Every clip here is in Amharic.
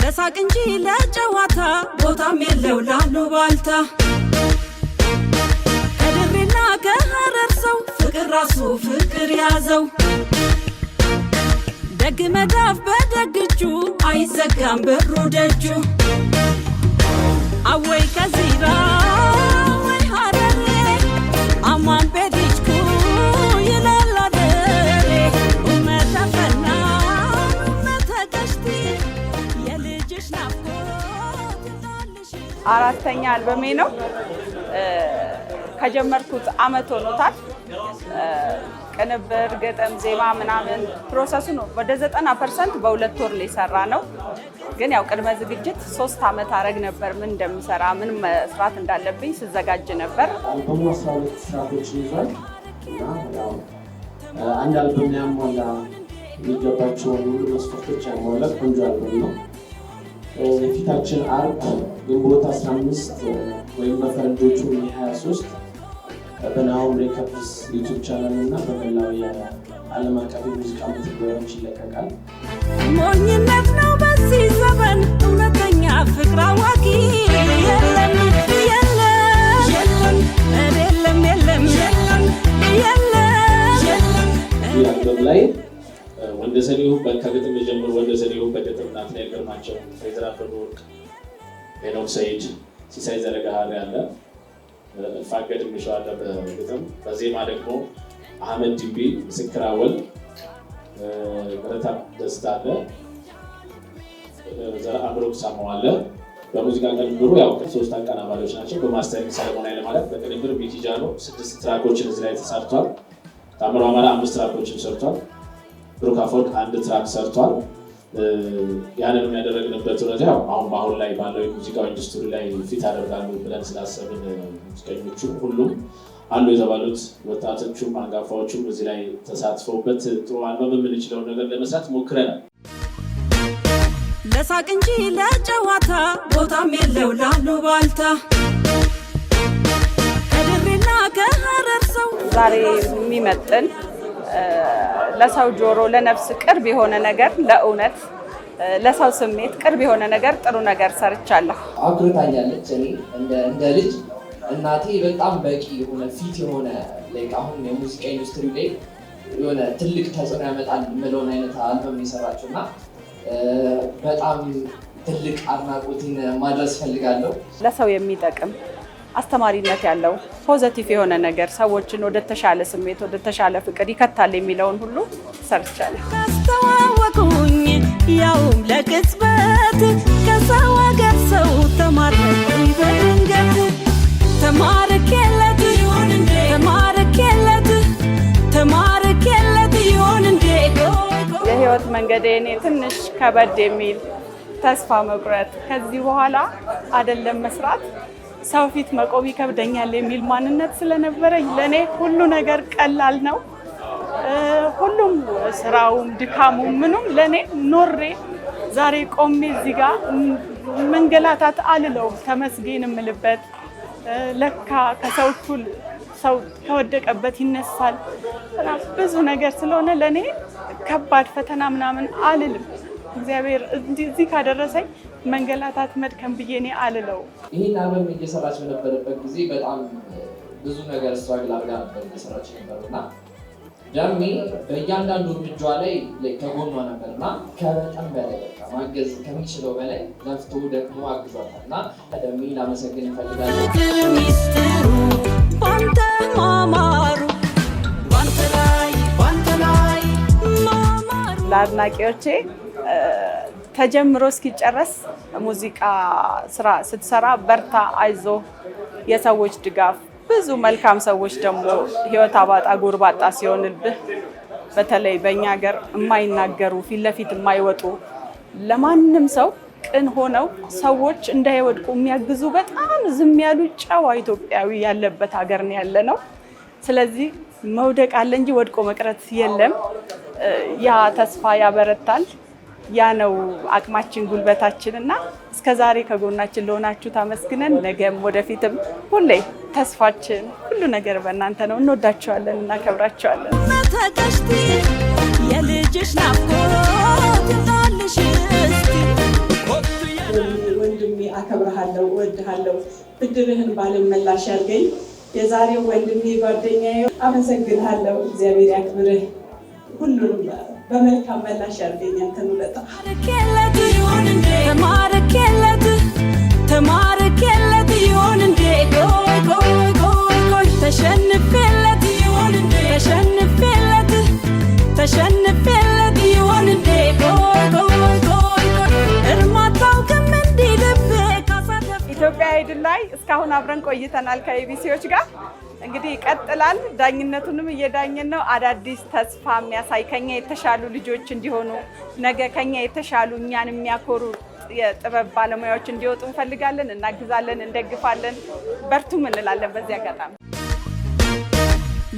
ለሳቅ እንጂ ለጨዋታ ቦታም የለው ላሉ ባልታ ከድሬና ከሐረር ሰው ፍቅር ራሱ ፍቅር ያዘው ደግ መዳፍ በደግጁ አይዘጋም በሩ ደጁ አወይ ከዚራ አራተኛ አልበሜ ነው። ከጀመርኩት አመት ሆኖታል። ቅንብር፣ ገጠም፣ ዜማ ምናምን ፕሮሰሱ ነው ወደ ዘጠና ፐርሰንት በሁለት ወር ላይ ሰራ ነው። ግን ያው ቅድመ ዝግጅት ሶስት አመት አረግ ነበር። ምን እንደምሰራ ምን መስራት እንዳለብኝ ስዘጋጅ ነበር። አንድ አልበም ያሟላ የሚገባቸውን ሁሉ መስፈርቶች ያሟላ ቆንጆ አልበም ነው። የፊታችን አርብ ግንቦት 15 ወይም በፈረንጆቹ 23 በናሁም ሬከርድስ ዩቱብ ቻናል እና በመላው የዓለም አቀፍ የሙዚቃ መተግበሪያዎች ይለቀቃል። ሞኝነት ነው በዚህ ዘመን እውነተኛ ፍቅር አዋቂ ዘሪሁ ከግጥም ጀምሮ ወደ ዘሪሁ በግጥም ናትናኤል ግርማቸው፣ ፌዝራ ፍሩወርቅ፣ ሄኖክ ሰይድ፣ ሲሳይ ዘረጋሃሪ አለ። ፋገድ የሚሸው አለ በግጥም በዜማ ደግሞ አህመድ ዲቢ፣ ምስክር አወል፣ ብረታ ደስታ አለ። አምሮክ ሳመዋለ በሙዚቃ ቅንብሩ ያው ሶስት አቀናባሪዎች ናቸው። በማስተር ሰለሞን ማለት በቅንብር ቢቲጃኖ ስድስት ትራኮችን እዚ ላይ ተሰርቷል። ታምሮ አማራ አምስት ትራኮችን ሰርቷል። ብሩክ አፈወርቅ አንድ ትራክ ሰርቷል። ያንን የሚያደረግንበት ያው አሁን በአሁን ላይ ባለው የሙዚቃው ኢንዱስትሪ ላይ ፊት አደርጋሉ ብለን ስላሰብን ሙዚቀኞቹ ሁሉም አሉ የተባሉት ወጣቶቹም አንጋፋዎቹም እዚህ ላይ ተሳትፈውበት ጥሩ አልበም የምንችለውን ነገር ለመስራት ሞክረናል። ለሳቅ እንጂ ለጨዋታ ቦታም የለው ላሉ ባልታ ከድሬና ከሀረር ሰው ዛሬ የሚመጥን ለሰው ጆሮ ለነፍስ ቅርብ የሆነ ነገር ለእውነት ለሰው ስሜት ቅርብ የሆነ ነገር ጥሩ ነገር ሰርቻለሁ። አኩርታኛለች። እኔ እንደ ልጅ እናቴ በጣም በቂ የሆነ ፊት የሆነ አሁን የሙዚቃ ኢንዱስትሪ ላይ የሆነ ትልቅ ተጽዕኖ ያመጣል የምለውን አይነት አልበም የሰራችው እና በጣም ትልቅ አድናቆትን ማድረስ ፈልጋለሁ ለሰው የሚጠቅም አስተማሪነት ያለው ፖዘቲቭ የሆነ ነገር ሰዎችን ወደ ተሻለ ስሜት ወደ ተሻለ ፍቅር ይከታል የሚለውን ሁሉ ሰርቻለሁ። አስተዋወቁኝ ያውም ለቅጽበት ከሰው ሀገር ሰው ተማረኩኝ በድንገት ተማርኬለት እንዴ ይሆን እንዴ የህይወት መንገድ እኔ ትንሽ ከበድ የሚል ተስፋ መቁረጥ ከዚህ በኋላ አይደለም መስራት ሰው ፊት መቆም ይከብደኛል የሚል ማንነት ስለነበረኝ ለእኔ ሁሉ ነገር ቀላል ነው። ሁሉም ስራውም፣ ድካሙም፣ ምኑም ለእኔ ኖሬ ዛሬ ቆሜ እዚህ ጋር መንገላታት አልለውም። ተመስገን የምልበት ለካ ከሰው እኩል ሰው ከወደቀበት ይነሳል ብዙ ነገር ስለሆነ ለእኔ ከባድ ፈተና ምናምን አልልም። እግዚአብሔር እዚህ ካደረሰኝ መንገላታት መድከም ብዬ እኔ አልለው። ይህን አልበም እየሰራች በነበረበት ጊዜ በጣም ብዙ ነገር ስትራግል አድርጋ ነበር እየሰራች ነበር እና ያኔ በእያንዳንዱ እርምጃ ላይ ከጎኗ ነበር እና ከመጠን በላይ በቃ ማገዝ ከሚችለው በላይ ለፍቶ ደግሞ አግዟታል እና ደሚ ላመሰግን ይፈልጋል። ሚስጥሩ ለአድናቂዎቼ ተጀምሮ እስኪጨረስ ሙዚቃ ስራ ስትሰራ በርታ፣ አይዞ፣ የሰዎች ድጋፍ ብዙ መልካም ሰዎች ደግሞ ህይወት አባጣ ጎርባጣ ሲሆንልህ በተለይ በእኛ ሀገር የማይናገሩ ፊት ለፊት የማይወጡ ለማንም ሰው ቅን ሆነው ሰዎች እንዳይወድቁ የሚያግዙ በጣም ዝም ያሉ ጨዋ ኢትዮጵያዊ ያለበት ሀገር ነው ያለ ነው። ስለዚህ መውደቅ አለ እንጂ ወድቆ መቅረት የለም። ያ ተስፋ ያበረታል። ያ ነው አቅማችን ጉልበታችን እና እስከ ዛሬ ከጎናችን ለሆናችሁ ታመስግነን ነገም ወደፊትም ሁሌ ተስፋችን ሁሉ ነገር በእናንተ ነው። እንወዳቸዋለን፣ እናከብራቸዋለን። የልጅሽ ናፍቆት ናልሽ ወንድሜ፣ አከብረሃለሁ፣ እወድሃለሁ፣ ብድርህን ባልመላሽ ያድርገኝ። የዛሬው ወንድሜ ጓደኛዬ፣ አመሰግንሃለሁ። እግዚአብሔር ያክብርህ ሁሉንም በመልካም መላሽ ያርገኛል። ተንለጣ ተማረኬለት ተማረ ኢትዮጵያ አይድል ላይ እስካሁን አብረን ቆይተናል ከኢቢሲዎች ጋር እንግዲህ ይቀጥላል። ዳኝነቱንም እየዳኝን ነው። አዳዲስ ተስፋ የሚያሳይ ከኛ የተሻሉ ልጆች እንዲሆኑ ነገ ከኛ የተሻሉ እኛን የሚያኮሩ የጥበብ ባለሙያዎች እንዲወጡ እንፈልጋለን። እናግዛለን፣ እንደግፋለን፣ በርቱም እንላለን። በዚህ አጋጣሚ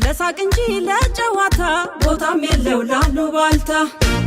ለሳቅ እንጂ ለጨዋታ ቦታም የለው ላሉ ባልታ